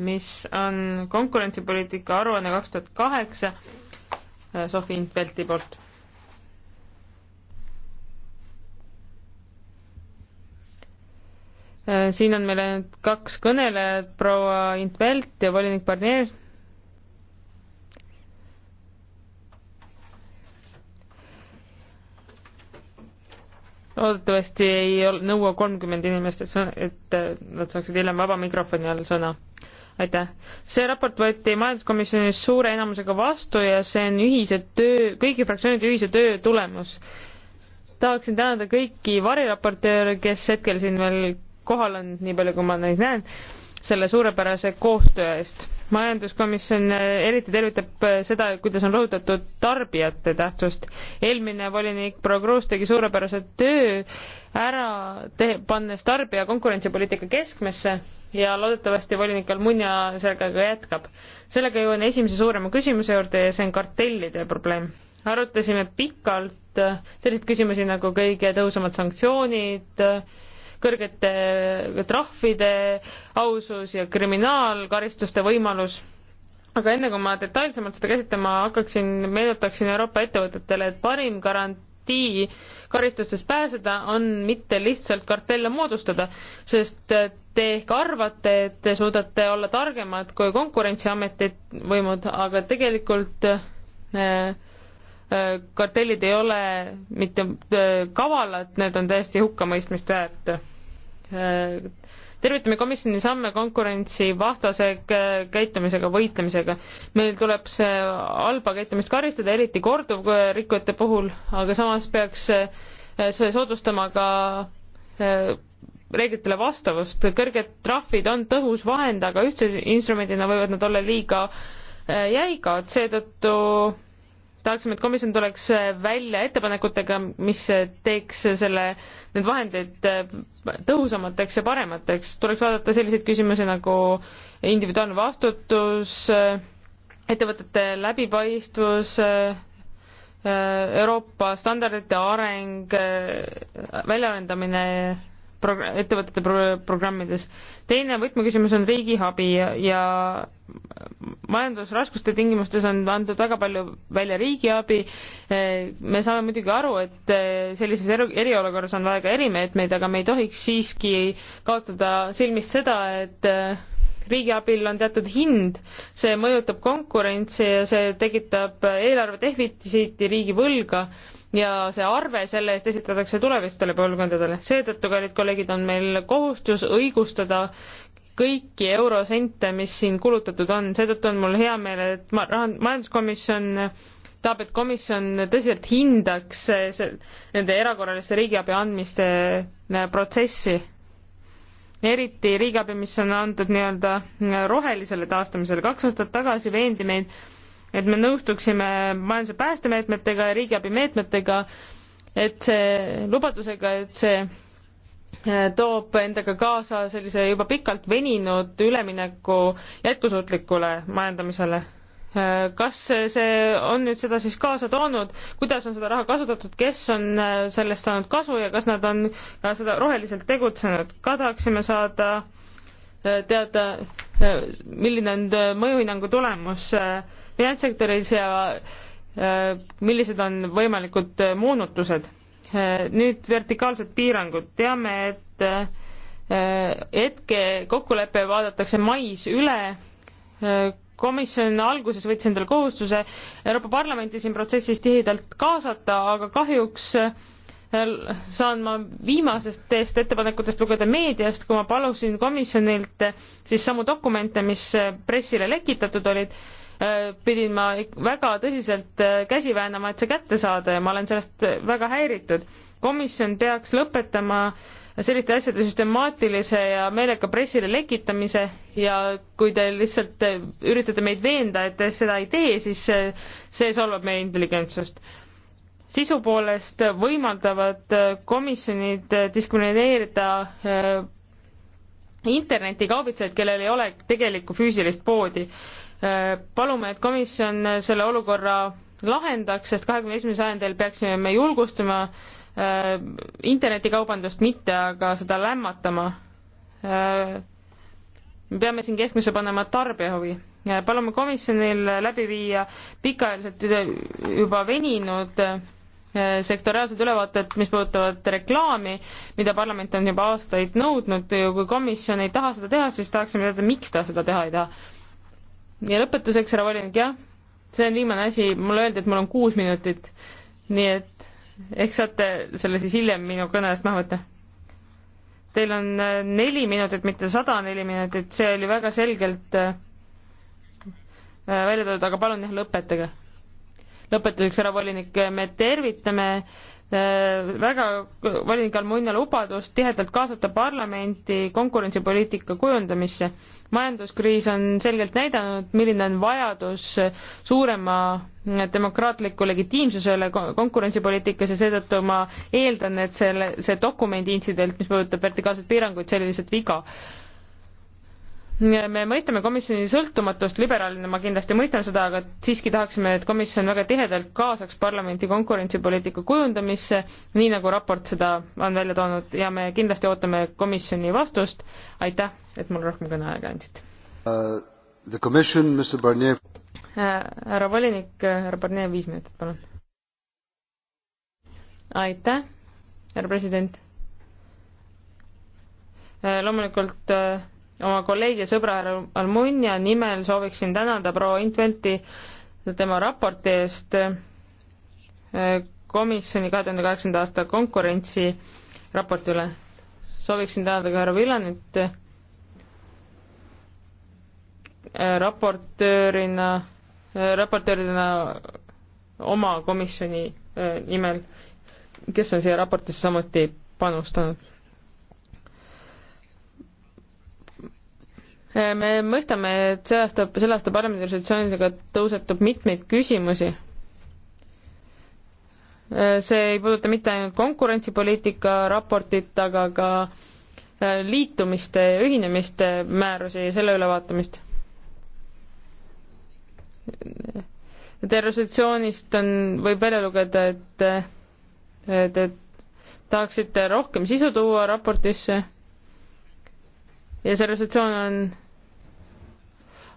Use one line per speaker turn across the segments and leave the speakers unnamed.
mis on konkurentsipoliitika aruanne kaks tuhat kaheksa äh, Sofi Intvelti poolt. Äh, siin on meil ainult kaks kõnelejat, proua Intvelt ja volinik Barnier. loodetavasti ei nõua kolmkümmend inimest, et äh, nad saaksid hiljem vaba mikrofoni all sõna aitäh. see raport võeti majanduskomisjonis suure enamusega vastu ja see on ühise töö, kõigi fraktsioonide ühise töö tulemus. tahaksin tänada kõiki variraportööre, kes hetkel siin veel kohal on, nii palju kui ma neid näen, selle suurepärase koostöö eest majanduskomisjon äh, eriti tervitab äh, seda, kuidas on rõhutatud tarbijate tähtsust. eelmine volinik Progruus tegi suurepärase töö ära te-, pannes tarbija konkurentsipoliitika keskmesse ja loodetavasti volinik Almunia sellega ka jätkab. sellega jõuan esimese suurema küsimuse juurde ja see on kartellide probleem. arutasime pikalt äh, selliseid küsimusi nagu kõige tõhusamad sanktsioonid, kõrgete trahvide ausus ja kriminaalkaristuste võimalus. aga enne kui ma detailsemalt seda käsitlema hakkaksin, meenutaksin Euroopa ettevõtetele, et parim garantii karistustest pääseda on mitte lihtsalt kartelle moodustada, sest te ehk arvate, et te suudate olla targemad kui Konkurentsiameti võimud, aga tegelikult äh, äh, kartellid ei ole mitte äh, kavalad, need on täiesti hukkamõistmist väärt. Äh, tervitame komisjoni samme konkurentsi vastase äh, käitumisega võitlemisega. meil tuleb see halba käitumist karistada, eriti korduvrikkujate puhul, aga samas peaks äh, see soodustama ka reeglitele vastavust. kõrged trahvid on tõhus vahend, aga ühtse instrumendina võivad nad olla liiga jäigad, seetõttu tahaksime, et komisjon tuleks äh, välja ettepanekutega, mis äh, teeks äh, selle, need vahendid tõhusamateks ja paremateks. tuleks vaadata selliseid küsimusi nagu individuaalne vastutus, ettevõtete läbipaistvus, Euroopa standardite areng, väljaarendamine prog-, ettevõtete pro-, programmides. teine võtmeküsimus on riigiabi ja, ja majandusraskuste tingimustes on antud väga palju välja riigiabi. me saame muidugi aru, et sellises eri, eriolukorras on vaja ka erimeetmeid, aga me ei tohiks siiski kaotada silmist seda, et riigiabil on teatud hind, see mõjutab konkurentsi ja see tekitab eelarve defitsiiti, riigi võlga ja see arve selle eest esitatakse tulevastele põlvkondadele. seetõttu, kallid kolleegid, on meil kohustus õigustada kõiki eurosente, mis siin kulutatud on, seetõttu on mul hea meel, et ma, rahan-, majanduskomisjon tahab, et komisjon tõsiselt hindaks eh, see, nende erakorraliste riigiabi andmiste eh, protsessi eriti riigiabi, mis on antud nii-öelda rohelisele taastamisele. kaks aastat tagasi veendi meid, et me nõustuksime majanduse päästemeetmetega ja riigiabi meetmetega, et see lubadusega, et see äh, toob endaga kaasa sellise juba pikalt veninud ülemineku jätkusuutlikule majandamisele kas see on nüüd seda siis kaasa toonud, kuidas on seda raha kasutatud, kes on äh, sellest saanud kasu ja kas nad on ka seda roheliselt tegutsenud, ka tahaksime saada äh, teada, äh, milline on mõjuhinnangu tulemus finantssektoris ja millised on võimalikud moonutused. nüüd vertikaalsed piirangud, teame, et hetke kokkulepe vaadatakse mais üle komisjon alguses võttis endale kohustuse Euroopa Parlamenti siin protsessis tihedalt kaasata, aga kahjuks äh, saan ma viimasest ettepanekutest lugeda meediast, kui ma palusin komisjonilt äh, siis samu dokumente, mis äh, pressile lekitatud olid, pidin ma väga tõsiselt käsi väänama, et see kätte saada ja ma olen sellest väga häiritud. komisjon peaks lõpetama äh, selliste asjade süstemaatilise ja meelega pressile lekitamise ja kui te lihtsalt eh, üritate meid veenda, et te seda ei tee, siis see, eh, see solvab meie intelligentsust. sisu poolest võimaldavad eh, komisjonid diskrimineerida internetikaubitsejaid, kellel ei ole tegelikku füüsilist poodi. palume, et komisjon selle olukorra lahendaks, sest kahekümne esimesel sajandil peaksime me julgustama äh, Äh, internetikaubandust mitte, aga seda lämmatama. Äh, me peame siin keskmisse panema tarbija huvi. Äh, palume komisjonil läbi viia pikaajaliselt juba veninud sektoriaalsed ülevaated, mis puudutavad reklaami, mida parlament on juba aastaid nõudnud, kui komisjon ei taha seda teha, siis tahaksime teada, miks ta seda teha ei taha. ja lõpetuseks, härra volinik, jah, see on viimane asi, mulle öeldi, et mul on kuus minutit, nii et ehk saate selle siis hiljem minu kõne eest maha võtta? Teil on äh, neli minutit, mitte sada neli minutit, see oli väga selgelt äh, välja toodud, aga palun jah, lõpetage. lõpetuseks, härra volinik, äh, me tervitame äh, Äh, väga volinik Almunia lubadust tihedalt kaasata parlamenti konkurentsipoliitika kujundamisse. majanduskriis on selgelt näidanud, milline on vajadus suurema demokraatliku legitiimsuse üle konkurentsipoliitikas ja seetõttu ma eeldan, et selle, see dokumendi intsident, mis puudutab vertikaalseid piiranguid, see oli lihtsalt viga me mõistame komisjoni sõltumatust liberaalina, ma kindlasti mõistan seda, aga siiski tahaksime, et komisjon väga tihedalt kaasaks parlamenti konkurentsipoliitika kujundamisse, nii nagu raport seda on välja toonud ja me kindlasti ootame komisjoni vastust. aitäh, et mulle rohkem kõneaega andsite uh,. The commission, Mr Barnier. Äh, härra volinik, härra Barnier, viis minutit, palun. aitäh, härra president. Äh, loomulikult uh, oma kolleegi ja sõbra Almunia nimel sooviksin tänada proua Intventi tema raporti eest äh, komisjoni kahe tuhande kaheksanda aasta konkurentsi raporti üle. sooviksin tänada ka härra Villanit äh, raportöörina, äh, raportöörina oma komisjoni nimel, kes on siia raportisse samuti panustanud me mõistame, et see aasta, selle aasta parlamendiresolutsioonidega tõusetub mitmeid küsimusi. see ei puuduta mitte ainult konkurentsipoliitika raportit, aga ka äh, liitumiste ja ühinemiste määrusi ja selle ülevaatamist. Teie resolutsioonist on, võib välja lugeda, et te tahaksite rohkem sisu tuua raportisse ja see resolutsioon on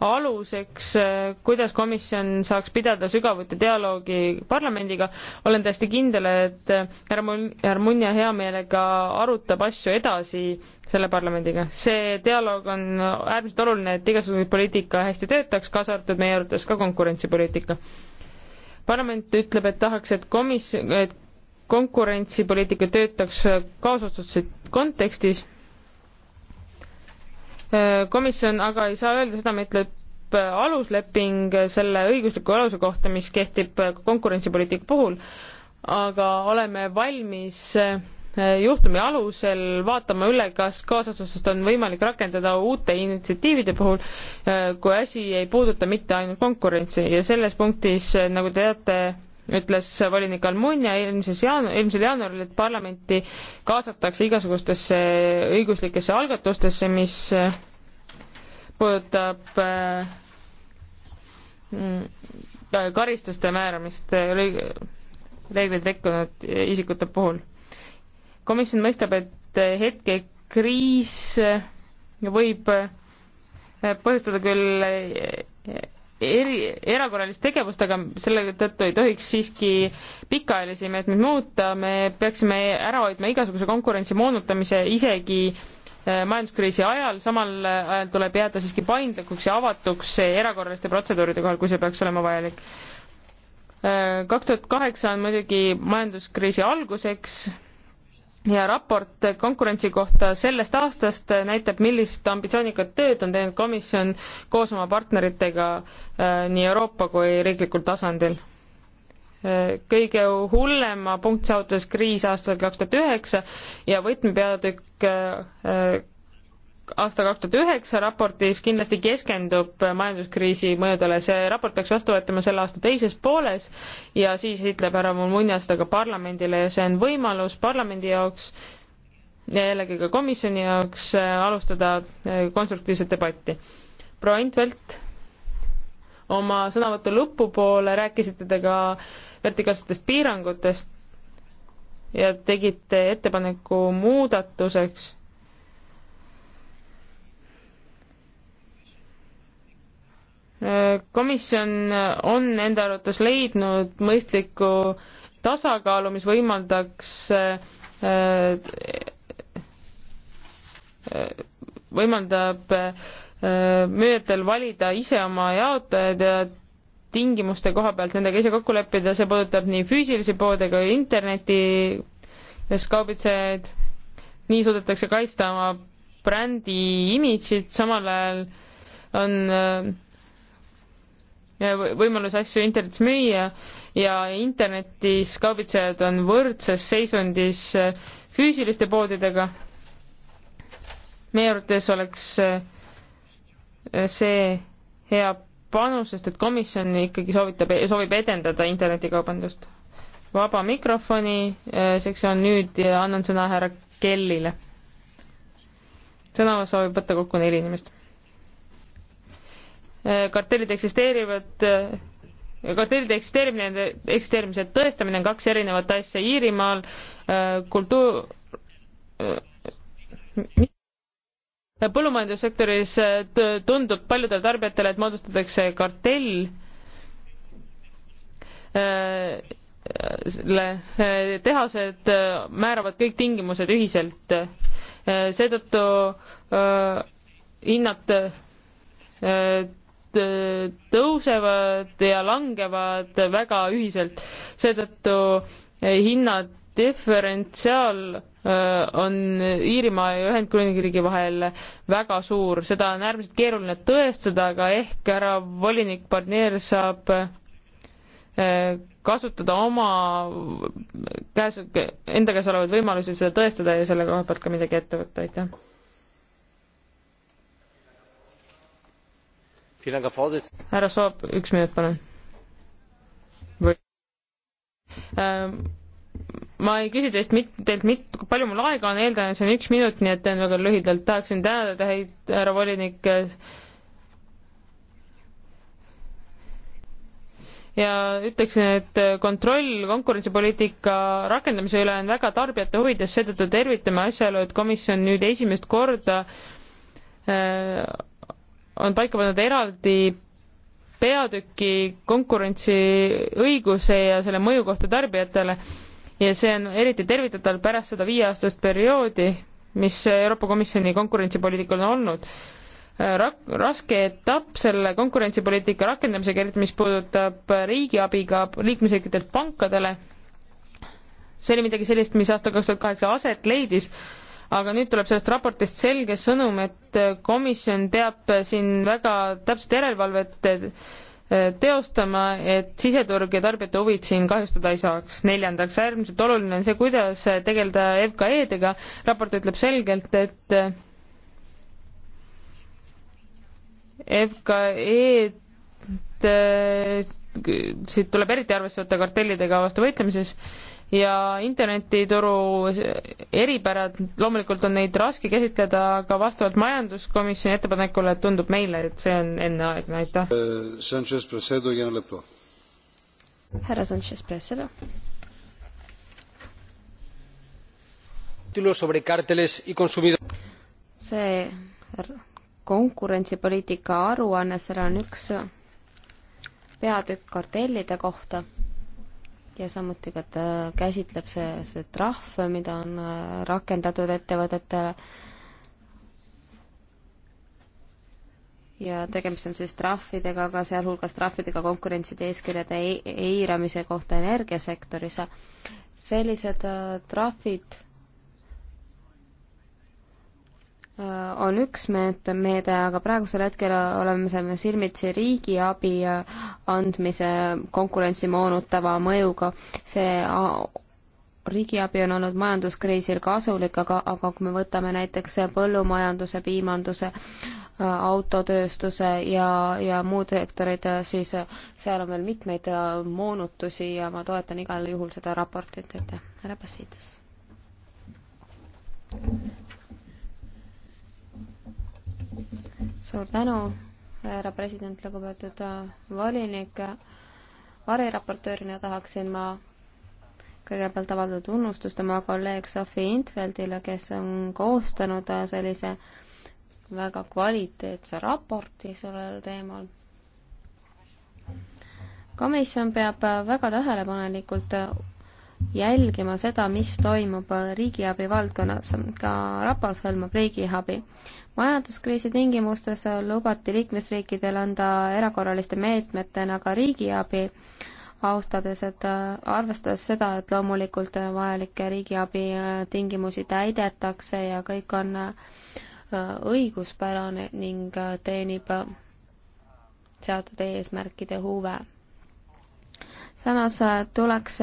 aluseks, eh, kuidas komisjon saaks pidada sügavuti dialoogi parlamendiga. olen täiesti kindel, et eh, härra Armunia hea meelega arutab asju edasi selle parlamendiga. see dialoog on äärmiselt oluline, et igasugune poliitika hästi töötaks, kaasa arvatud meie arvates ka konkurentsipoliitika. parlament ütleb, et tahaks, et komisjon, et konkurentsipoliitika töötaks kaasotsustuse kontekstis komisjon aga ei saa öelda seda, mida ütleb alusleping selle õigusliku aluse kohta, mis kehtib konkurentsipoliitika puhul, aga oleme valmis äh, juhtumi alusel vaatama üle, kas kaasatsustust on võimalik rakendada uute initsiatiivide puhul, äh, kui asi ei puuduta mitte ainult konkurentsi ja selles punktis, äh, nagu te teate, ütles volinik Almunia eelmises jaanu-, eelmisel jaanuaril, et parlamenti kaasatakse igasugustesse õiguslikesse algatustesse, mis puudutab äh, mm, karistuste määramist reegleid rikkunud isikute puhul. komisjon mõistab, et hetkekriis võib põhjustada küll eri, erakorralist tegevust, aga selle tõttu ei tohiks siiski pikaajalisi meetmeid muuta, me peaksime ära hoidma igasuguse konkurentsi moonutamise isegi äh, majanduskriisi ajal, samal ajal tuleb jääda siiski paindlikuks ja avatuks erakorraliste protseduuride kohal, kui see peaks olema vajalik. Äh, kaks tuhat kaheksa on muidugi majanduskriisi alguseks ja raport konkurentsi kohta sellest aastast näitab, millist ambitsioonikat tööd on teinud komisjon koos oma partneritega äh, nii Euroopa kui riiklikul tasandil. Äh, kõige hullema punkt saavutas kriis aastal kaks tuhat üheksa ja võtmepeatükk äh, aasta kaks tuhat üheksa raportis kindlasti keskendub majanduskriisi mõjudele. see raport peaks vastu võetama selle aasta teises pooles ja siis ütleb härra Mulmunia seda ka parlamendile ja see on võimalus parlamendi jaoks ja jällegi ka komisjoni jaoks äh, alustada äh, konstruktiivset debatti. proua Intvelt, oma sõnavõtu lõpupoole rääkisite te ka vertikaalsetest piirangutest ja tegite ettepaneku muudatuseks komisjon on enda arvates leidnud mõistliku tasakaalu, mis võimaldaks võimaldab äh, müüjatel valida ise oma jaotajad ja tingimuste koha pealt nendega ise kokku leppida, see puudutab nii füüsilisi poode kui interneti kaubitsejaid. nii suudetakse kaitsta oma brändi imidžit, samal ajal on äh, võimalus asju internetis müüa ja internetis kaubitsejad on võrdses seisundis äh, füüsiliste poodidega. meie arvates oleks äh, see hea panus, sest et komisjon ikkagi soovitab, soovib edendada internetikaubandust. vaba mikrofoni äh, sektsioon nüüd ja annan sõna härra Kellile. sõna soovib võtta kokku neli inimest Eh, kartellid eksisteerivad, eh, kartellide eksisteerimine, nende eksisteerimise tõestamine on kaks erinevat asja, Iirimaal eh, kultuur, põllumajandussektoris tundub paljudele tarbijatele, et moodustatakse kartell, tehased määravad kõik tingimused ühiselt, seetõttu hinnad Äh, tõusevad ja langevad väga ühiselt. seetõttu äh, hinnadiferentsiaal äh, on Iirimaa ja Ühendkuningriigi vahel väga suur, seda on äärmiselt keeruline tõestada, aga ehk härra volinik Barnier saab kasutada oma käes, enda käes olevaid võimalusi seda tõestada ja selle koha pealt ka midagi ette võtta, aitäh. härra Soop, üks minut, palun. või ähm, ma ei küsi teist mit-, teilt mit-, kui palju mul aega on, eeldan, et see on üks minut, nii et teen väga lühidalt, tahaksin tänada teid, härra volinik, äh, ja ütleksin, et äh, kontroll konkurentsipoliitika rakendamise üle on väga tarbijate huvides, seetõttu tervitame asjaolu, et komisjon nüüd esimest korda äh, on paika pannud eraldi peatüki konkurentsiõiguse ja selle mõju kohta tarbijatele ja see on eriti tervitatav pärast seda viieaastast perioodi, mis Euroopa Komisjoni konkurentsipoliitikal on olnud. Rak-, raske etapp selle konkurentsipoliitika rakendamisega, eriti mis puudutab riigiabiga liikmesriikidelt pankadele, see oli midagi sellist, mis aastal kaks tuhat kaheksa aset leidis aga nüüd tuleb sellest raportist selge sõnum, et komisjon peab siin väga täpset järelevalvet eh, teostama, et siseturg ja tarbijate huvid siin kahjustada ei saaks. neljandaks, äärmiselt oluline on see, kuidas tegeleda FKE-dega. raport ütleb selgelt, et eh, FKE-d eh, siit tuleb eriti arvesse võtta kartellidega vastu võitlemises ja internetituru eripärad, loomulikult on neid raske käsitleda, aga vastavalt majanduskomisjoni ettepanekule tundub meile, et see on enneaegne, aitäh. härra Sanchez Presedo.
see konkurentsipoliitika aruanne, seal on üks peatükk kartellide kohta ja samuti ka ta äh, käsitleb see, see trahv, mida on äh, rakendatud ettevõtetele. ja tegemist on siis trahvidega, aga sealhulgas trahvidega konkurentside eeskirjade e-, eiramise kohta energiasektoris. sellised äh, trahvid Äh, on üks meede, meede, aga praegusel hetkel oleme me silmitsi riigiabi äh, andmise konkurentsi moonutava mõjuga. see äh, riigiabi on olnud majanduskriisil kasulik, aga, aga kui me võtame näiteks põllumajanduse, piimanduse, autotööstuse ja, ja muud sektorid, siis seal on veel mitmeid moonutusi ja ma toetan igal juhul seda raportit, aitäh, härra Bassides. suur tänu, härra president, lugupeetud äh, volinik. variraportöörina tahaksin ma kõigepealt avaldada tunnustust oma kolleeg Sofi Intveldile, kes on koostanud äh, sellise väga kvaliteetse raporti sellel teemal. komisjon peab äh, väga tähelepanelikult jälgima seda, mis toimub riigiabi valdkonnas. ka raport hõlmab riigiabi. majanduskriisi tingimustes lubati liikmesriikidel anda erakorraliste meetmetena ka riigiabi, austades, et arvestades seda, et loomulikult vajalikke riigiabi tingimusi täidetakse ja kõik on õiguspärane ning teenib seatud eesmärkide huve samas tuleks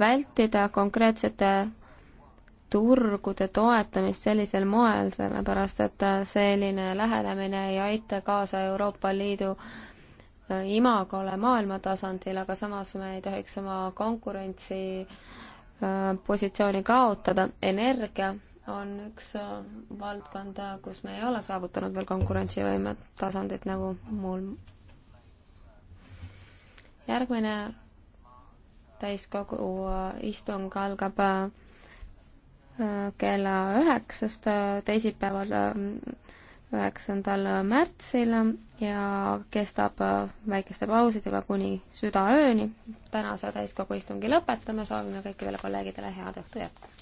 vältida konkreetsete turgude toetamist sellisel moel, sellepärast et selline lähenemine ei aita kaasa Euroopa Liidu äh, imagole maailma tasandil, aga samas me ei tohiks oma konkurentsi äh, positsiooni kaotada. energia on üks äh, valdkond, kus me ei ole saavutanud veel konkurentsivõime tasandit nagu muul. järgmine täiskogu äh, istung algab äh, kella üheksast äh, teisipäeval, üheksandal märtsil ja kestab väikeste pausidega kuni südaööni. tänase täiskogu istungi lõpetame, soovime kõikidele kolleegidele head õhtu jätku!